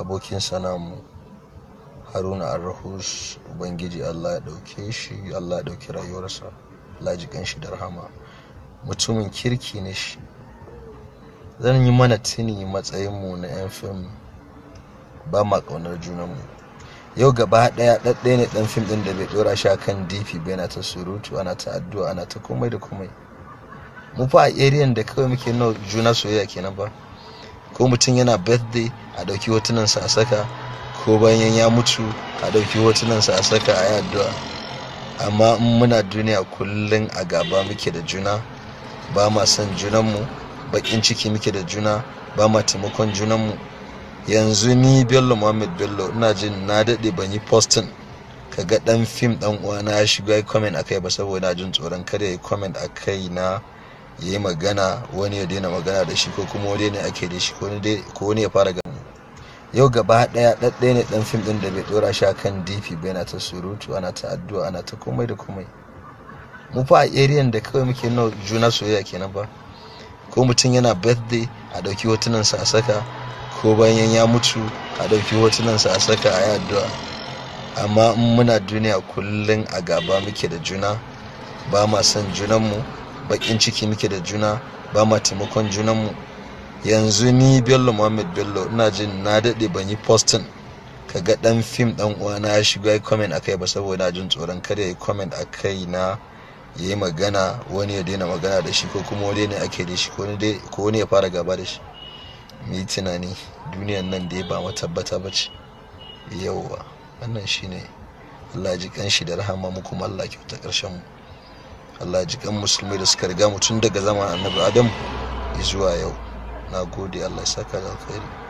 abokin mu haruna arrahus ubangiji allah ya ɗauke shi allah ya ɗauki rayuwarsa lajikan shi da rahama mutumin kirki ne shi zan yi mana tuni matsayinmu na 'yan fim ba ma ƙaunar junanmu yau gaba ɗaya ɗaɗɗaya ne ɗan fim ɗin da bai ɗora shi akan dp bai na ta surutu ana ta addu'a ana ta komai da komai mu fa a da kawai muke nawa juna soyayya kenan ba ko mutum yana birthday a ɗauki hotunansa a saka ko bayan ya mutu a ɗauki hotunansa a saka a addu'a amma in muna duniya kullun a gaba muke da juna ba ma son junanmu bakin ciki muke da juna ba ma taimakon junanmu yanzu ni bello muhammad bello ina jin na daɗe ban yi postin kaga ɗan fim ɗan uwana ya shiga ya comment a kai ba saboda jin tsoron kada ya yi comment a kai na ya yi magana wani ya daina magana da shi ko kuma wani ne ake da shi ko wani ya fara gani yau gaba daya ɗaɗɗaya ne ɗan fim ɗin da bai ɗora shi kan dp bai na ta surutu ana ta addu'a ana ta komai da komai mu fa a eriyan da kawai muke nuna juna soyayya kenan ba ko mutum yana birthday a ɗauki hotunansa a saka ko bayan ya mutu a ɗauki hotunansa a saka a yi addu'a amma in muna duniya kullum a gaba muke da juna ba ma son junanmu baƙin ciki muke da juna ba ma taimakon junanmu yanzu ni bello muhammad bello ina jin na daɗe ban yi postin ka ga ɗan fim ɗan uwana ya shiga yi comment akai ba saboda jin tsoron kada ya yi comment akai na ya yi magana wani ya daina magana da shi ko kuma wani ne ake da shi ko wani ya fara gaba da shi yi tunani duniyan nan da ya ba tabbata ba ce yauwa wannan shine allah ji kan shi da rahama mu kuma allah kyauta ƙarshen mu allah ji kan musulmai da suka riga mu tun daga zaman annabi adam zuwa yau na gode allah ya saka da alkhairi